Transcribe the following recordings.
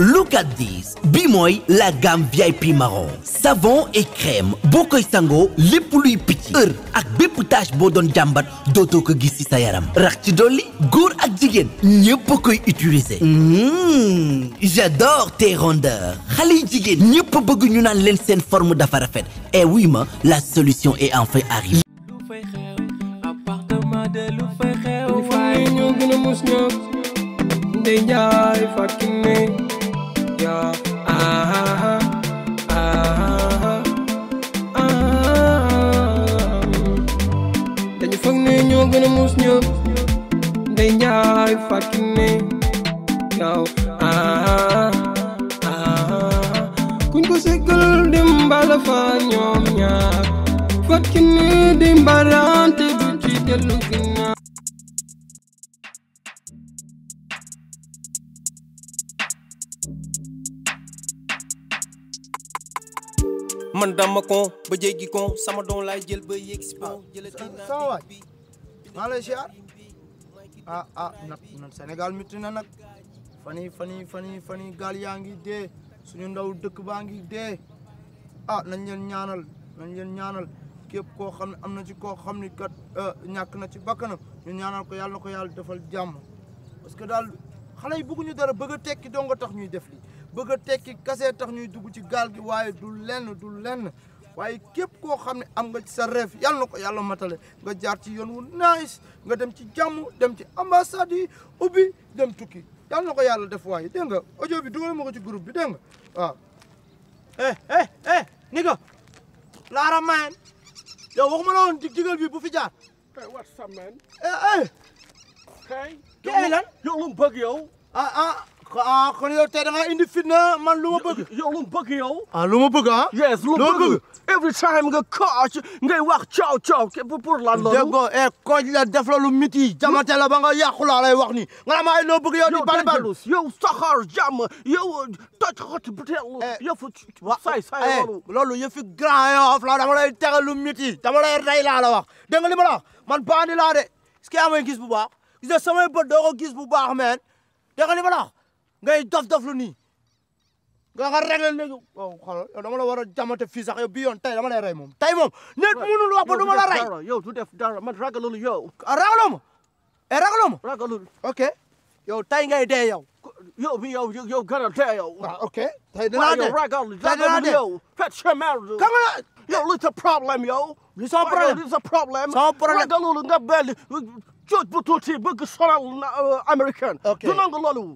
look at this bi la gamme VIP marron savon et crème Beaucoup sango, sangoo lépp luy picc heure ak bépp tache boo doon jàmbat dootoo ko gis ci sa yaram rax ci dolli góor ak jigéen ñépp koy utiliser hmm, j'adore tes rondeurs xale yi jigéen ñépp bëgg ñu naan leen seen forme dafa rafet et eh oui ma la solution est enfin arrivée gën a muus Then you're fucking me. ne Ah, ah ah Kun ko sekkal di mbala fa nyom nyak. Fucking me di mbalante du ci dellu ginnaaw man dama ko ba jéggi ko sama doom laay jël ba maa lay siyaar ah ah nag nag Sénégal métti na nag fan yii fan yii fan yii fan yii yaa ngi dee suñu ndaw dëkk baa ngi dee ah nañ leen ñaanal nañ leen ñaanal képp koo xam ne am na ci koo xam ne kat euh, ñàkk na ci bakkanam ñu ñaanal ko yàlla na ko yàlla defal jàmm parce que daal xale yi bëgguñu dara bëgg tekki dong tax ñuy def li bëgg tekki kase tax ñuy dugg ci gaal gi waaye du lenn du lenn. waye kep ko xamni am nga ci sa yalla nako yalla matale nga jaar ci yoon wu nice nga dem ci jamm dem ci ambassade ubi dem tukki yalla nako yalla def waye de nga audio bi dugal mako ci groupe bi de nga wa eh eh eh niko, la ramane mayen yow waxuma la won digal bi bu fi jaar kay wat sa man eh eh kay yow lan yow lu bëgg yow ah ah Ah, ah kon yow tey da nga indi fitna man lu ma bëgg. yow lu ma bëgg yow. ah lu ma bëgg ah. yes lu ma bëgg. every time nga coach ngay wax coow coow pour pour lan loolu. dégg nga eh coach la def la lu miti jamate la ba nga yàqu laa lay wax ni nga xam ay loo bëgg yow. di bal bal yow saxaar jàmm yow uh, toj xot butéel. Eh, yow fa say say eh, loolu. loolu yëf fi grand yof la dama lay tegal lu miti dama lay rey laa la wax dégg nga li ma la wax man bandi laa de est-ce que yaa may gis bu baax gis nga samay bët doo ko gis bu baax meen dégg nga li ma la wax. ngay dof-dof lu nii nga nga réglé léegi oh, yow dama la war a jamante fii sax yow bii yoon tey dama lay rey moom tey moom nit mënul wax ba du ma la rey yow du def dara man ragalul yow ah, ragaloo ma e ragaloo ma ragalul ok yow tey ngay dee yow yow bi yow yow gën a dee yow waaw ah, ok tey dinaa dee ragal yow fet chemer ka nga yow lu sa problème yow lu sa problème lu sa problème sa problème ragalul nga benn coot uh, bu tuuti bëgg sonal na uh, américain du nangu loolu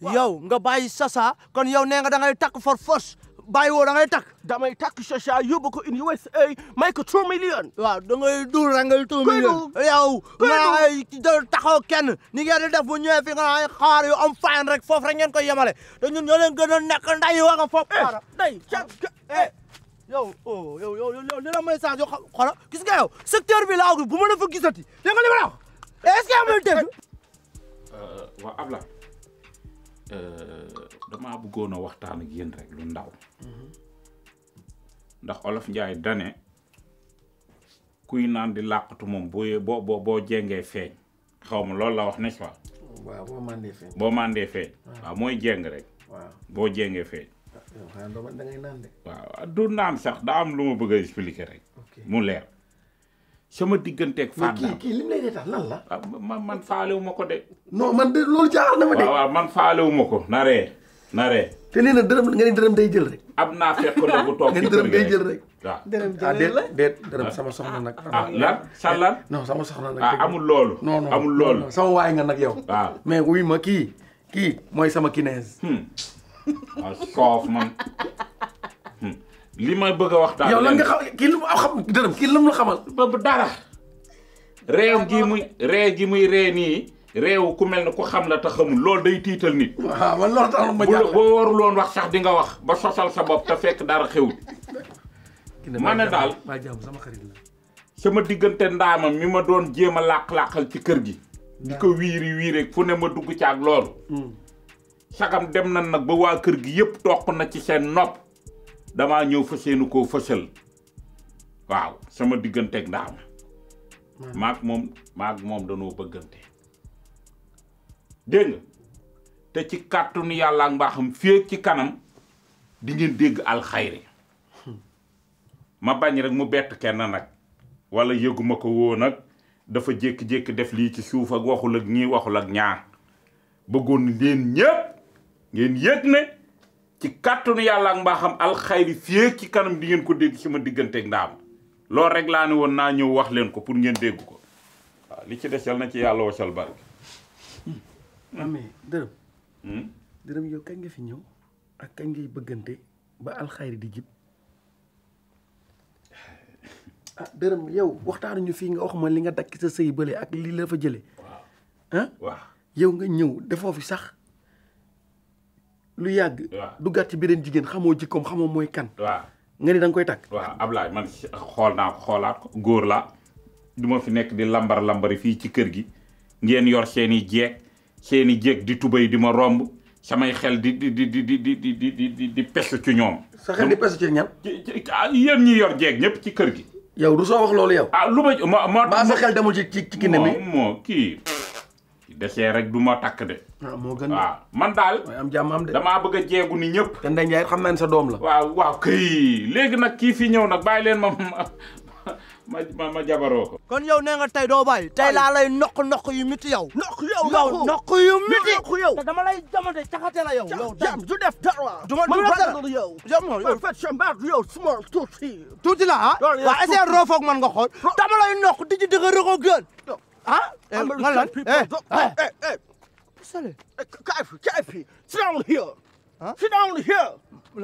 yow nga bàyyi Sacha kon yow nee nga da takk for force bàyyi woo da ngay takk. damay takk Sacha yóbbu ko in USA may ko 2 million. waaw da ngay duul rek ngay 2 million. yow nga taxaw kenn. ni ngeen di def bu ñëwee fi nga ay yu am fayan rek foofu rek ngeen koy yemale te ñun ñoo leen gën a nekk nday wa nga foofu. Eh, day ca eh yow oh yow yow yow li la gis nga yow bi laa bu ma la fa gisati dégg nga li ma la wax est-ce que Euh, dama bëggoon a waxtaan ak yéen rek lu ndaw ndax olof njaay dane kuy naan di làqatu moom boo boo boo jengee feeñ xaw ma loolu la wax n'est-ce pas waaw boo màndee feeñ waaw mooy jéng rek waaw boo jéngee feeñ ah, waaw du naan sax daa am lu ma bëgg a expliquer rek mu leer sama digganteeg Fanda mais kii kii lim lay dee tax lan la. Ah, man man faalewu ma ko de. non man de loolu jaaxal na ma de. waaw waaw man faalewu ma ko. naree naree. te nee na dërëm nga ni dërëm day jël rek. ab naa fekk la bu toog ci dërëm day jël rek. waaw dërëm jël ah, la déet dërëm ah. sama soxna nag. ah lan sa lan. non sama soxna nag. ah amul loolu. non non amul loolu. sama waay nga nag yow. waaw mais wuy ma kii kii mooy sama kinèse. waaw hmm. soof man. li may bëgg a wax yow lan nga xam kii lu xam dërëm kii lu mu la dara. réew gi muy réew ree nii. réew ku mel ne ku xam la te xamul loolu day tiital nit. boo warul wax sax di nga wax ba sosal sa bopp te fekk dara xewul. ma ne daal maa sama xarit la. sama diggante ndaama mi ma doon jéem a làq-làqal ci kër gi. di ko wiiri wiiri fu ne ma dugg ci ak loolu. Hmm. sagam dem na nag ba waa kër gi yëpp toq na ci seen nopp. dama ñëw fas ko koo waaw sama digganteeg ndaama maag moom maag moom danoo bëggante dégg te ci kàttanu yàlla ak mbaaxam fii ci kanam di ngeen dégg alxayri hmm. ma bañ rek mu bett kenn nag wala yëguma ko woo nag dafa jékki-jékki def lii ci suuf ak waxul ak ñii waxul ak ñaar bëggoon leen ñëpp ngeen yëg ne ci kàttanu yàlla ak mbaaxam alxayri fii ci kanam di ngeen ko dégg ci ma digganteeg ndaam loolu rek laa ne woon naa ñëw wax leen ko pour ngeen dégg ko waaw li ci des na ci yàlla wosal barke. amee dërëm. Hmm? dërëm yow kañ nga fi ñëw ak kañ ngay bëggante ba alxayri di jib ah dërëm yow ñu fii nga wax ma li nga dakk sa sëy bële ak lii la fa jëlee. ah waaw yow nga ñëw defoo fi sax. lu yag du gàtt bi beneen jigen xamoo jikkoom xamoo moy kan. nga ni koy tak waaw man xol na xolat xoolaat ko góor fi nek di lambar lambari fi ci keur gi ngien yor seni jek seni jek di tubay di ma romb samay xel di di di di di di di di di pesse ci ñom sa xel di pesse ci ñam. yeen ñi yor jek ñep ci keur gi. yow du so wax lolu yow. ah lu ma ma moo. sa xel demul ci ci kinemi mo ki dese rek du ma takk de. waaw ah, moo gën waaw man daal. am jàmm am de damaa bëgg a jeegu ni ñëpp. te Ndeye Ndiaye xam naa ne sa doom la. waaw waaw kay léegi nag kii fi ñëw nag bàyyi leen ma ma ma ma jabaroo ko. kon yow nee nga tey doo bàyyi. tey laa lay noq noq yu miti yow. noq yow yow noq yu miti. noq yow te dama lay jamono caxate la yow. yow jam du def dara. du ma du dara yow. yow moom yow fët chambar yow small tuuti. tuuti la ah. waaw essayé roofoog man nga xool. dama lay noq di ci dëgg rek gën. ah lan lan sale kaay fi kaay down here sit down here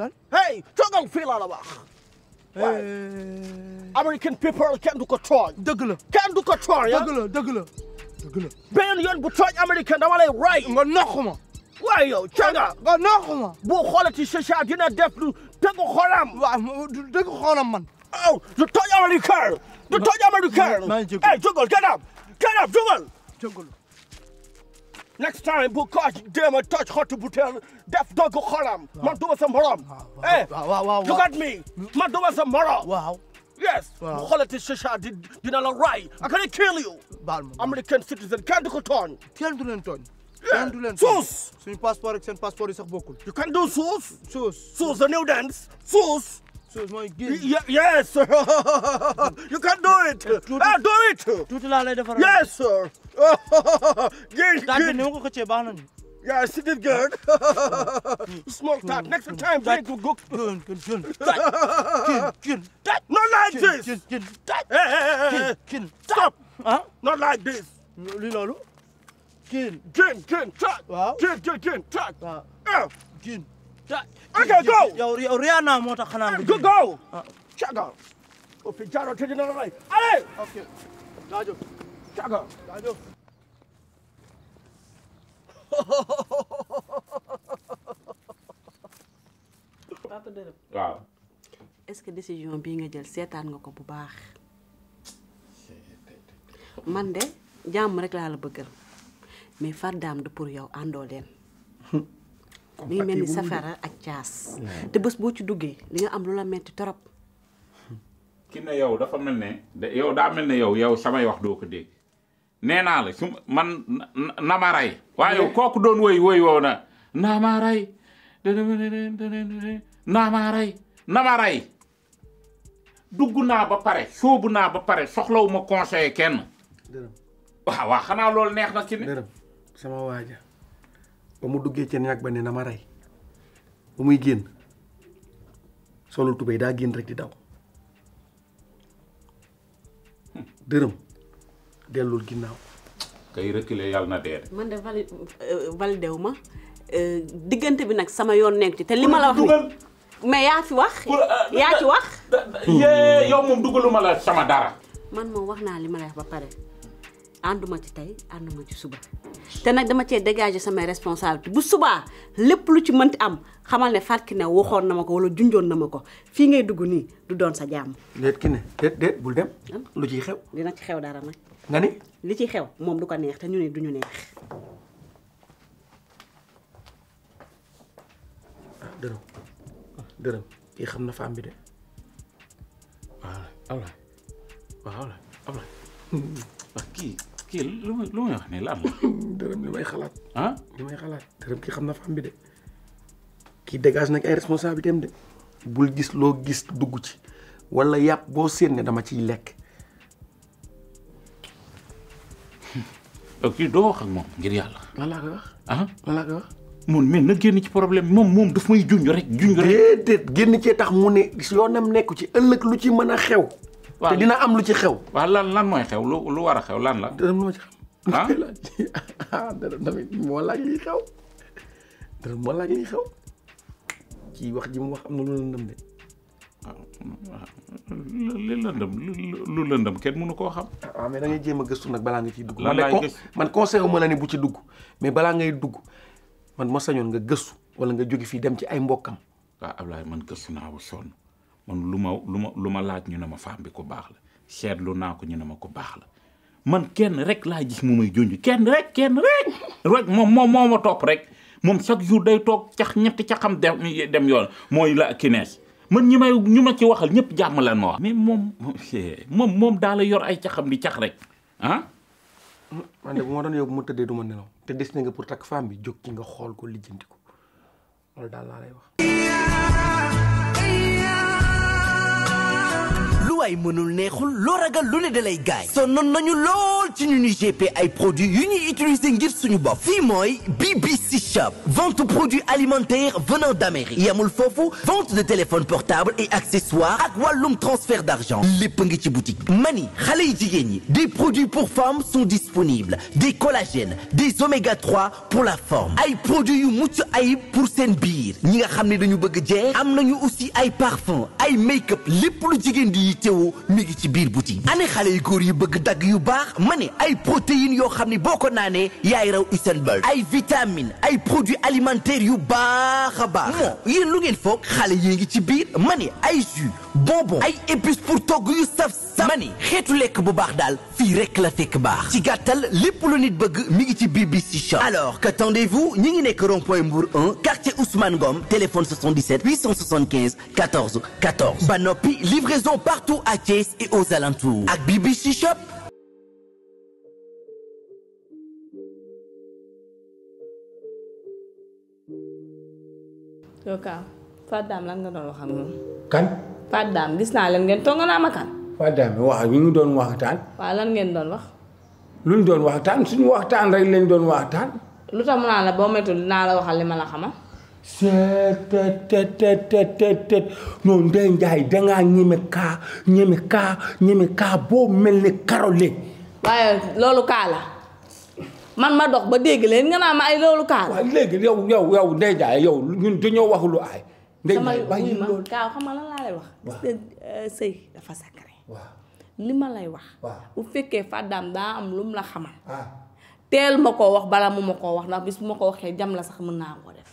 lan hey toogal euh, American people kenn du ko tooñ dëgg la kenn du ko tooñ ah. dëgg la dëgg la dëgg la benn yoon bu tooñ American dama lay ray nga noquma waaye yow canga nga noquma bu xoolati sasa Get up, dugal! jungle. next time bu ko dem a touch hot to butel def dogg xolam. man do duma sa morom. waaw waaw look at me man do duma sa morom. Wow. yes. waaw Wow. xolati shisha di dina la ray. I can kill you. baal ma American citizen kenn du ko tooñ. kenn du leen tooñ. kenn du leen tooñ suus. suñu passeport ak seen passeport yi sax bokkul. you can do suus. suus suus the new dance suus. So yes, sir. you can do it. Ah, do it. Doe het Yes, sir. Gig. Dat ben ik ook gechebanen. Yeah, she did good. Smoke that. Next time, drink to go. Gun, gun, gun. That. Gun, gun. Not like this. Gun, gun. That. Hey, hey, hey. Gun, Stop. Huh? Not like this. Lilo. Gun. Gun, gun, track. Gun, gun, gun, track. Gun. Okay, go. Oriana mota khanangu. Go go. Chaga. Opijaro tedi Ale. Okay. Dajo. Chaga. Dajo. Papa Dërëm. Waaw. Est-ce que décision bi nga jël sétane nga ko bu baax? Man de jamm rek la la bëggal. Mais fardam du pour yow ando mi ngi mel ni safara ak caas. te bés boo ci duggee li nga am lu la metti torop. ki ne yow dafa mel ne yow daa mel ne yow yow samay wax doo ko dégg nee naa la su man na ma rey waaye kooku doon woy woy woo na naa ma rey naa ma rey dugg naa ba pare soobu naa ba pare soxlawu ma conseiller kenn. waaw waaw xanaa loolu neex na ci ne. ba mu duggee ci ñag ba ne na ma rey ba muy génn solul tubéy daa génn rek di daw dërëm dellul ginnaaw. kay reculer yàlla na dee. man de vali euh, validew ma euh, diggante bi nag sama yoon nekk ci te li ma la wax nii. mais yaa fi wax euh, yaa ci wax. yee yow moom dugaluma la sama dara. man moom wax naa li ma lay wax ba pare. ànduma ci tey ànduma ci suba te nag dama cee dégager samay responsabilité bu subaa lépp lu ci mënti am xamal ne fàkki Kiné waxoon na ma ko wala junjoon na ma ko fii ngay dugg nii du doon sa jàmm. déet Kiné déet déet bul dem. lu ciy xew. dina ci xew dara nag. nga ni. li ciy xew moom du ko neex te ñu ne du neex. Ah, ah, kii lu muy lu muy wax nii la am dërëm li may xalaat. ah li may xalaat dërëm kii xam na fam bi de kii dégage nag ay responsabilité am de bul gis loo gis dugg ci wala yàpp boo séen ne dama ciy lekk. kii doo wax ak moom ngir yàlla. lan laa koy wax. ah lan laa koy wax. moom mais na génn ci problème moom moom daf may juñ rek juñ rek. déedéet génn cee tax mu ne yoonam nekku ci ëllëg lu ci mën a xew te dina am lu ci xew. wa lan lan moy xew lu lu wara xew lan la. dërëm lu ma ci xam. ah dërëm tamit mo la liy xew dërëm mo la liy xew ci wax ji mu wax am na lu ndam de. li ndam lu ndam ken munu ko xam. ah mais da ngay jema a nak bala nga ci dugg. man conseil mo la ni bu ci dugg mais bala ngay dugg man ma sañon nga gëstu wala nga jogi fi dem ci ay mbokam wa ah, Ablaye man gëstu na bu sonn. man lu ma lu ma lu ma laaj ñu ne ma femme bi ku baax la seetlu naa ko ñu ne ma ku baax la man kenn rek laa gis mu may junj kenn rek kenn rek rek moom moom moo ma topp rek moom chaque jour day toog cax ñetti caxam dem dem yoon mooy la kinees man ñi may ñu ma ci waxal ñëpp jàmm lan ma wax. mais moom moom moom daal la yor ay caxam di cax rek ah. man doon yow ma tëddee du ma nelaw te des na pour takk femme bi jóg ci nga xool ko lijjanti ko daal laa lay wax. waay mënul neexul loo ragal lu ne dalay gaañ sonnoon nañu lool Un UGP ay produit yu ñuy utiliser ngir suñu bopp fii mooy BBC Shop vente de produits alimentaires venant d'Amérique yamul foofu vente de téléphones portables et accessoires ak wàllum transfert d'argent lépp ngi ci boutique mani xale yi jigéen ñi des produits pour femmes sont disponibles des collagènes des oméga 3 pour la forme ay produits yu mucc ayib pour seen biir ñi nga xam ne dañu bëgg jeex am nañu aussi ay parfum ay make-up lépp lu jigéen di teewoo mi ci biir boutique ane xale yi góor yi bëgg dagg yu baax mani ne ay protéines yo xamni boko nané ko yaay raw Usain ay vitamines ay produits alimentaires yu baax a baax moo yéen lu ngeen foog xalé yi ngi ci biir mané ay jus bonbon ay épices pour togg yu saf saf ma ne xeetu bu baax dal fi rek la fekk baax ci gattal lepp lu nit bëgg mi ngi ci BBC Shop alors qu'attendez-vous ñi ngi nek rond-point Mbour 1 quartier Ousmane Ngom téléphone 77 875 14 14 ba livraison partout à Thiès et aux alentours ak BBC Shop doo padam Fatou Dame lan nga doon kan. Padam, Dame gis naa leen ngeen kan. Padam, Dame wax ñu ngi doon waxtaan. waaw lan ngeen doon wax. lu ñu doon waxtaan suñu waxtaan rek lañ doon waxtaan. lu tax la boo méttul na la waxal li ma la xamal. seet tet tet tet tet noonu Ndeye Ndiaye dangaa ñeme kaa ñeme waaye loolu la. man ma dox ba dégg leen nga naa ma ay loolu kaa waaw léegi yow yow yow Ndeye Ndiaye yow ñun dañoo wax lu aay. Ndeye Ndiaye bàyyi loolu kaaw xam nga lan lay wax. waaw euh, dafa sacré. ma lay wax. bu fekkee fàddaam lu mu la xamal. Ah. teel ma koo wax bala mu ma wax ndax bis ma ko waxee jam la sax mën naa koo def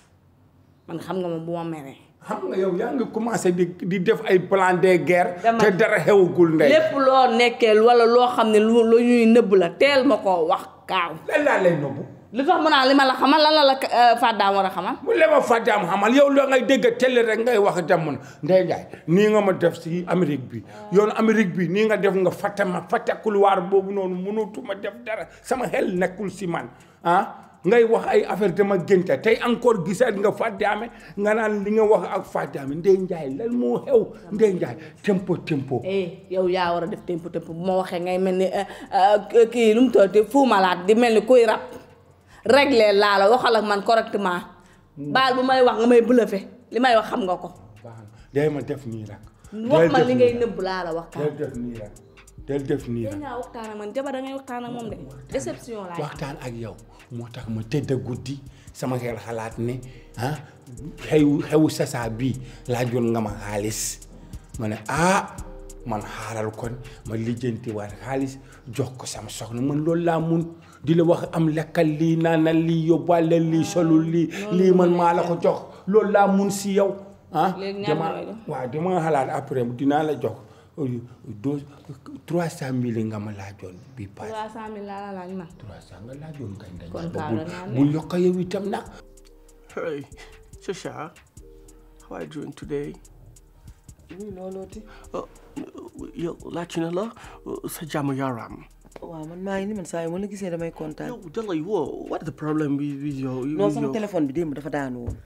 man xam nga moom bu ma meree. xam nga yow yaa ngi commencé di di def ay plan de guerre. te dara xewagul ndey lépp loo nekkee wala loo xam ne lu ñuy nëbb la teel ma koo wax. kaaw. lan laa lay nëbbu. lu tax mu naa li ma la xamal la la la Faddaam war a xamal. mu le ma Faddaam xamal yow loo ngay dégg télé rek ngay wax dem mun Ndeye Ndiaye nii nga ma def si Amérique bi ah. yoon Amérique bi nii nga def nga fàtte ma fàtte couloir boobu noonu mënutuma def dara sama xel nekkul si man ah. ngay wax ay affaire dama génta tey encore gisaat nga Fatou Dramé nga naan li nga wax ak Fatou Dramé Ndeye Ndiaye lan moo xew Ndeye Ndiaye tempo tempo. Eh, yow yaa war a def tempo tempo bu ma waxee ngay mel ni eh, eh, kii lu mu di mel ni kuy rab réglé laa la waxal ak man correctement baal bu may wax nga may bluffé li may wax xam nga ko. day ma def nii rek. wax ma li ngay nëbb laa wax. def del def nii la waxtaan ak man yow moo tax ma tëdd guddi sama xel xalaat ne ah xew xewu sasaa bii laajoon nga ma xaalis ma ne ah man xaaral kon ma lijjanti waat xaalis jox ko sama soxna man loolu laa mun di la wax am lekkal lii naanal lii yóbbaale lii solul ah, lii lii man maa la ko jox loolu laa mun si yow ah dama waaw xalaat après dinaa la jox deux trois cent mille nga ma laajoon bi paas. trois cent mille laa la laaj ma. trois cent nga laajoon kañ dañ. kon kaala naa ne bul yokk yow itam nag. hey Chacha how are you doing today. oui looloo ti. Oh, yow laaj na la oh, sa jàmm yaram. waaw man maa ngi ni man saa yu ma la gisee damay kontaan. yow Jalle woo what is the problem with your. non sama téléphone bi démb dafa daanu woon.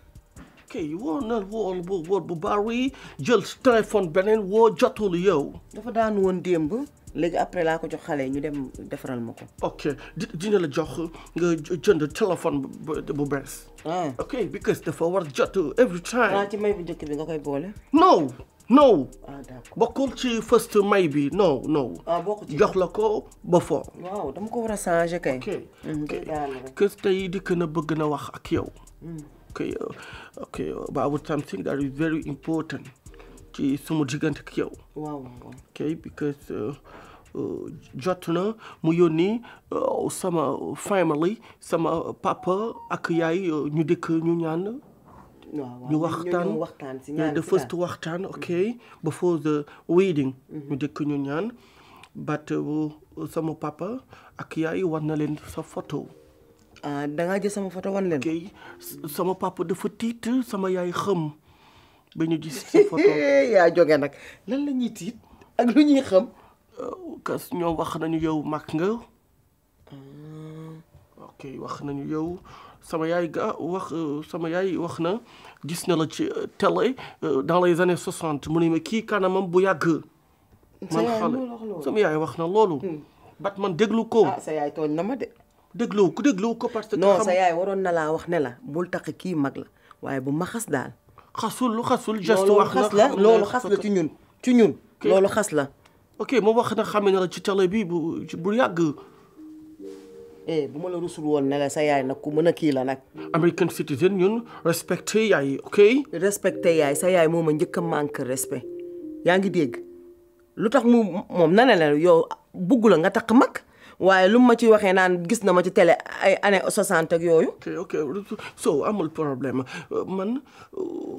kii woo na woo woo bu bari jël téléphone beneen woo jotol yow. dafa daan woon démb. léegi après laa ko jox xale yi ñu dem defaral ma ko. ok dina la jox nga jënd téléphone bu bees. Ah. ok because dafa war jot every time. ci may njëkk bi nga koy boole. non non. ah d'accord bokkul ci first may bi non non. ah bokk jox la ko ba foo. dama ko war a changer kay. ok mm-hmm. kës tey dikk bëgg na wax ak yow. Mm. okay uh, okay ba uh, abu something that is very important ci suma diggante ak kill. Wow. okay because uh, uh Muyoni, na family sama papa ak yaay ñu dëkk ñu ñaan ñu waxtaan the first waxtaan mm-hmm. ok before the wedding ñu mm-hmm. dëkk but sama papa Akiai, one war na leen photo ah da ngaa jël sama photo wan leen. kay sama papa dafa tiit sama yaay xëm ba ñu gis sa nag lan la ñuy tiit ak lu ñuy xam. Euh, wax nañu yow mag nga. Ah. ok wax nañu yow sama yaay ga wax euh, sama yaay wax na gis na la ci euh, télé dans les années soixante mu ne ma kii kanamam bu yàgg. man xale sama yaay wax na loolu. Hmm. bat man déglu ko. Ah, sa yaay tooñ na ma de. dégluwu ko dégluwu ko parce que. non sa yaay waroon na laa wax ne la bul tax kii mag la waaye bu ma xas daal. xasul lu xasul juste wax la xas la loo xas la ci ñun ci ñun. loolu xas la. ok ma wax na xame na la ci télé bi bu bu yàgg. eh bu ma la rusul woon ne sa yaay nag ku mën a kii la nag. American citizen ñun respecté yaay ok. respecté yaay sa yaay moom ma njëkk a manque respect yaa ngi dégg lu tax mu moom na ne la yow bugg la nga takk mag. waaye lu ma ci waxee naan gis na ma ci télé ay année soixante ak yooyu. ok ok so amul problème man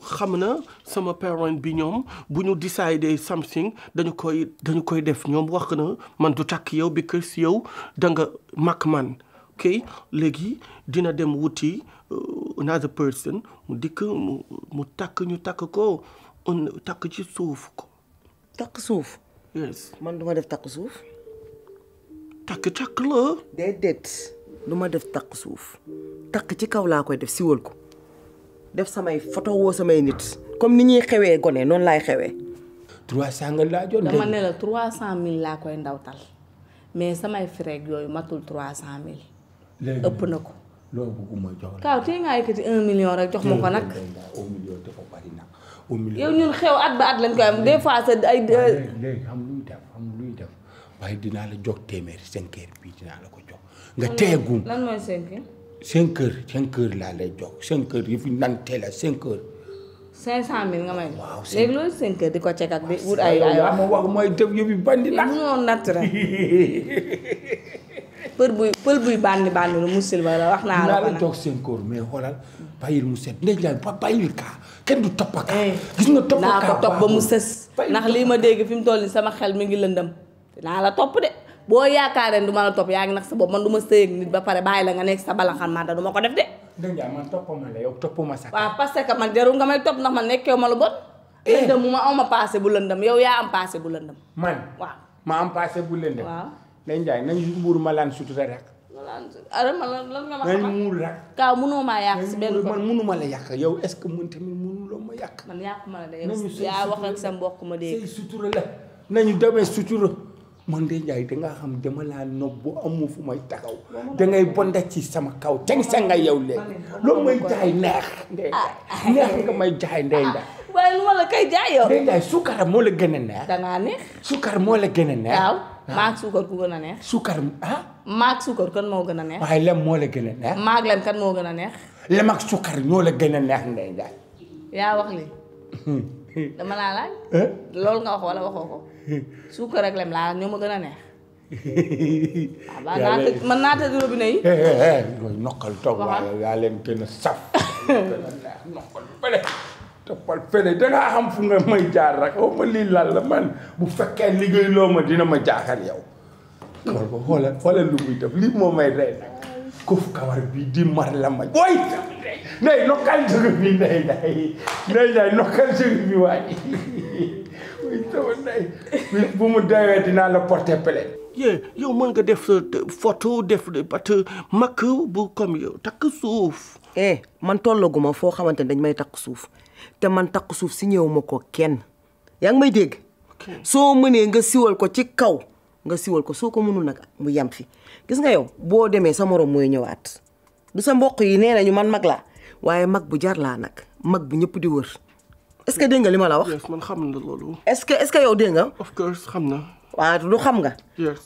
xam na sama parent bi ñoom bu ñu décider something dañu koy dañu koy def ñoom wax na man du takk yow because yow da nga mag man ok léegi dina dem wuti uh, another person mu dikk mu mu takk ñu takk ko takk ci suuf ko. takk suuf. yes man duma def takk suuf. takk-takk la. déedéet lu ma def takk suuf takk ci kaw laa koy def siwal ko def samay photo woo samay nit comme ni ñuy xewee gone noonu laay xewee. 300 nga laajoon de. dama ne la laa koy ndawtal mais samay frais yooyu matul 300000. léegi ëpp na ko. loolu bëgguma ngaa yëkkati 1 million rek jox ma ko nag. na yow ñun xew at ba at lañ koy am des ay. waaye dinaa la jox téeméer cinq bii dinaa la ko jox nga teegum lan mooy cinq heures cinq heures cinq heures laa lay jox cinq heures yi fi nan teel a cinq heures nga may waaw léegi loolu cinq di ko cek ak di wut ay ay wax ma wax mooy def yëpp yi bandi bandi bandi lu musil ba la wax naa la jox cinq mais xoolal bàyyil mu set ndey jaay ba bàyyil kaa kenn du topp kaa eh, gis nga topp kaa naa ko topp ba mu sës ndax lii ma dégg fi mu toll nii sama xel mu ngi lëndëm Nah la topp de boo yaakaaree ne du ma la topp yaa ngi nag sa bopp man du ma sëy nit ba pare bàyyi la nga nekk sa balanxaan man da du ma ko def de. dégg nga man toppuma la yow toppuma sa. waaw parce que man jarul nga may topp ndax man nekkeewu ma lu bon. Eh. lëndëm mu ma aw ma passé bu lëndëm yow yaa man waaw ma am passé bu lëndëm. waaw Ndeye Ndiaye nañu buur ma laan sutura rek. Adama lan lan nga ma xamal muur rek. Kaaw munoo maa yàq si benn man munuma la yàq yow est-ce que mun tamit ma yàq. man yàquma la de yow yaa wax ak sa mbokk man de Njaay dangaa xam dama laa nopp bu amul fu may taxaw dangay bonda ci sama kaw teg sa nga yow léegi loolu may jaay neex ndey neex nga may jaay ndey ndax ah, ah. waaye ndey ndax suukar moo la gën a neex dangaa neex suukar moo la a ah. suukar ku gën a moo gën a neex waaye lem moo la gën a kan moo gën a neex lem ak suukar ñoo la gën a ndey ndax yaa wax li hmm. dama laa laaj. loolu nga wax wala waxoo ko. suukar ak lem laa ñoo ma gën a neex. yaa leen mën naa tëdd robinet yi. nokkal toog waaye yaa leen gën a saf. nokkal fële. toppal fële dangaa xam fu nga may jaar rek xaw ma lii lan la man bu fekkee liggéey loo ma dina ma jaaxal yow. Hmm. xool ko xoolal xoolal lu muy def lii moo may rey nag. kof kawar bi di mar lamaj boy nay lokal jogu bi nay nay nay nay lokal jogu bi waay way taw nay bu mu dawee dinaa la porter plainte ye yow mën nga def photo def bat makk bu comme yow takk suuf eh man tollaguma foo xamante ne dañ may takk suuf te man takk suuf si ñëw ko kenn yaa may dégg soo mënee nga siwal ko ci kaw nga siwal ko soo ko mënul nag mu yam fi gis nga yow boo demee sa morom mooy ñëwaat du sa mboq yi nee ñu man mag laa waaye mag bu jar laa nag mag bu ñëpp di wër est-ce que dégg nga li ma la wax. man xam na loolu. est-ce que est-ce que nga. of course xam na. waa lu xam nga.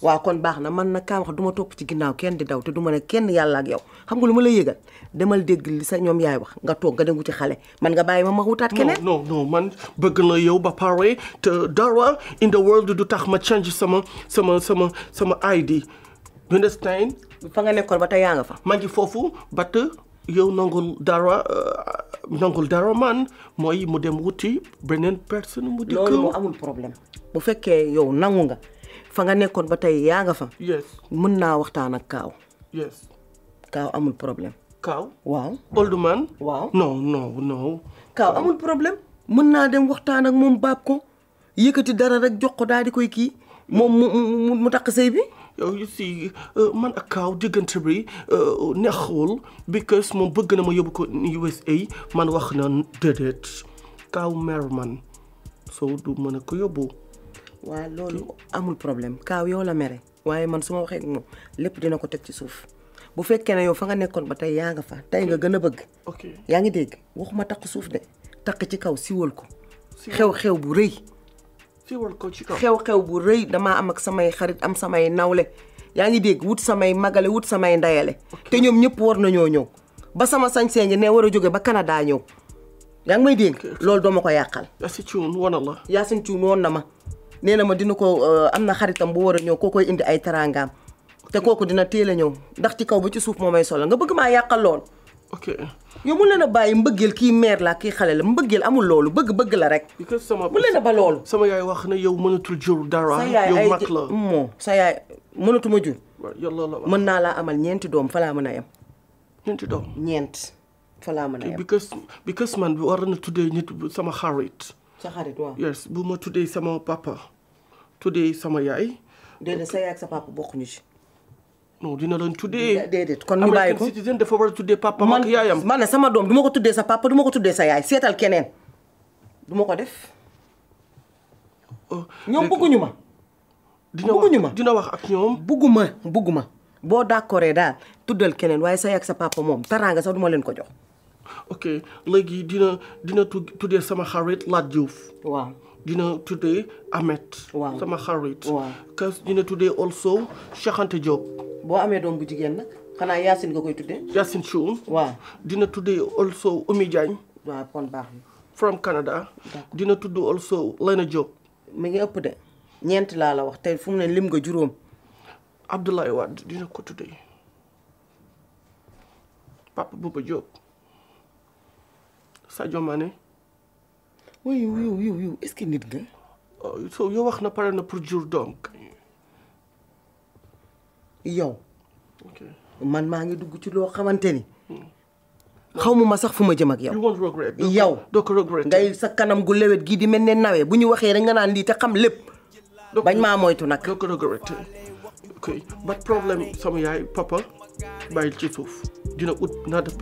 waaw kon baax na man nag kaa duma du topp ci ginnaaw kenn di daw te du ma ne kenn yàlla ak yow xam nga lu ma la yëgal demal dégg li sa ñoom yaay wax nga toog nga dem ci xale man nga bàyyi ma ma wutaat keneen. non non man bëgg na yow ba pare te dara in the world du tax ma change sama sama sama sama ID. you fa nga nekkoon ba tey yaa nga fa. maa ngi foofu ba te yow nangu dara. nangul dara man mooy mu dem wuti beneen personne mu dikk loolu amul problème bu fekkee yow nangu nga fa nga nekkoon ba tey yaa nga fa mën naa waxtaan ak kaaw amul problème kaaw waaw old man waaw non non non amul problème mën naa dem waxtaan ak moom baab ko yëkkati dara rek jox ko daal di koy kii moom mu mu takk bi you see euh, man ak kaaw diggante bi euh, neexul because moom bëgg na ma yóbbu ko USA man wax na déedéet kaaw mer man soo du mën a ko yóbbu waaw loolu amul problème kaaw yow la mere waaye man su ma waxee moom lépp dina ko teg ci suuf bu fekkee ne yow fa nga nekkoon ba tey yaa nga fa tey nga gën a bëgg yaa ngi dégg waxuma takk suuf de takk ci kaw siwal ko xew-xew bu rëy teewal ko xew-xew bu rëy damaa am ak samay xarit am samay nawle yaa ngi dégg wut samay magale wut samay ndeyale te ñoom ñëpp war nañoo ñëw ba sama sañ-sañ ngi ne war a jóge ba Canada ñëw yaa ngi may dégg loolu doo ma ko yàqal Yacine Thioune woon na la Yacine Thioune woon na ma nee na ma dina ko euh, am na xaritam bu war a ñëw koo koy indi ay tarangaam te kooku dina teel a ñëw ndax ci kaw ba ci suuf moo may solo nga bëgg maa yàqal lool ok yow mu leen a bàyyi mbëggeel kii meer la kii xale la mbëggeel amul loolu bëgg bëgg la rek. mu leen a ba loolu. sama yaay wax ne yow mënatul jur dara. yow mag moo sa yaay mënatuma jur. mën naa laa amal ñeenti doom falaa laa mën a yem. ñeenti doom ñeent fa laa mën a yem. because man bi war na tuddee nit sama xarit. sa xarit waaw. yes bu ma tuddee sama papa tuddee sama yaay. déedéet sa yaay sa papa bokkuñu ci. non dina leen tuddee. déedéet kon ñu bàyyi ko American citizen dafa war a tuddee papa ak yaayam. man sama doom du ko tuddee sa papa du ma ko tuddee sa yaay seetal keneen du ko def. Oh, ñoom bëgguñu ma. dina wax bëgguñu ma dina wax ak ñoom. bëgguma bëgguma boo d'accordé daal tuddal keneen waaye sa yaay ak sa papa moom taraanga sax du leen ko jox. ok léegi dina dina tuddee sama xarit Lat Diouf. waaw dina tuddee Ahmed. waaw sama xarit. kas dina tuddee also Cheikh Anta Diop. boo amee doom bu jigéen nag xanaa Yacine nga koy tudde Yacine Choum. waaw dina tuddee also Oumy Diagne. waaw kon baax na. from Canada. dina tudd also Lena Diop. mi ngi ëpp de ñeent laa la wax tey fu mu ne lim nga juróom. Abdoulaye Wade dina ko tuddee Papa Bouba Diop Sadio Mané. oui oui oui est-ce que nit nga. Oh, soo yow wax na pare na pour jur doom. yow man maa ngi dugg ci loo xamante ni hmm. xaw ma sax fu ma jëm ak yow. yow ngay sa kanam gu lewet gii di mel ne nawe bu ñu waxee rek nga naan lii te xam lépp bañ maa moytu nag. ok ba problème sama yaay papa bàyyil ci suuf dina ut naa def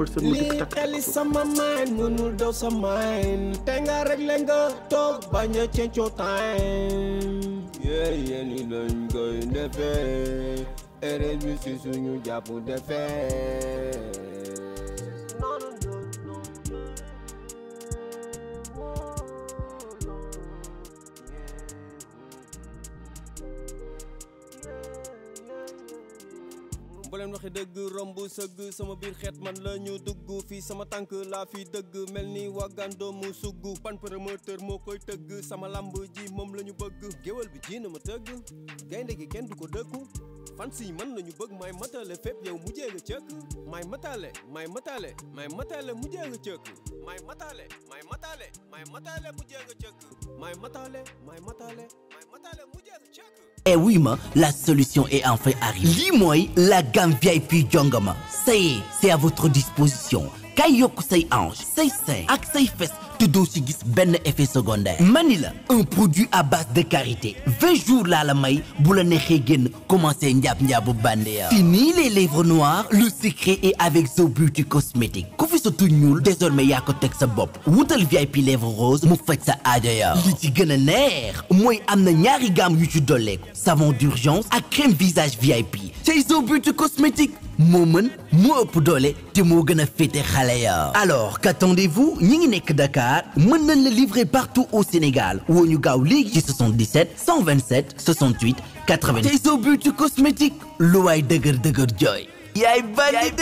te nga réglé nga toog bañ a cencoo time eré mi sì sunyún jàpùn dẹ́fẹ́. sëgg sama biir xeet man la ñu dugg fii sama tànk laa fi dëgg mel ni wagandoo mu sugg pan promoteur moo koy tëgg sama lamb ji moom la ñu bëgg géwal bi ji na ma tëgg gaynde gi kenn du ko dëggu fan si man la ñu bëgg may matale fépp yow mujjee nga cëkk may matale may matale may matale mujjee nga cëkk may matale may matale may matale mujjee nga cëkk may matale may matale may matale mujjee nga cëkk Et eh oui ma la solution est enfin arrivée Dis-moi la gamme vieille jongama ça y c'est à votre disposition kay c'est say c'est say te doo si gis ben effet secondaire Manila un produit à base de carité. 20 jours là la may pour la nexé guen à njaab-njaabu bande fini les lèvres noires le secret est avec Zo Beauty cosmétique kou fi sa ñoul désormais a ko teg sa bop woutal VIP lèvres roses mu faj sa adeya ya li ci gëna nerf neex mooy ñaari gam yu ci dolé savon d'urgence à crème visage VIP C'est Zo Beauty cosmétique moo mën moo ëpp doole alors qu'attendez-vous ñi ngi nekk Dakar mën nañ la livrer partout au Sénégal Nous sommes gaaw League, 77 127 68 80 tey soo du cosmétique lu waay dëgër Y jooy yaay bonne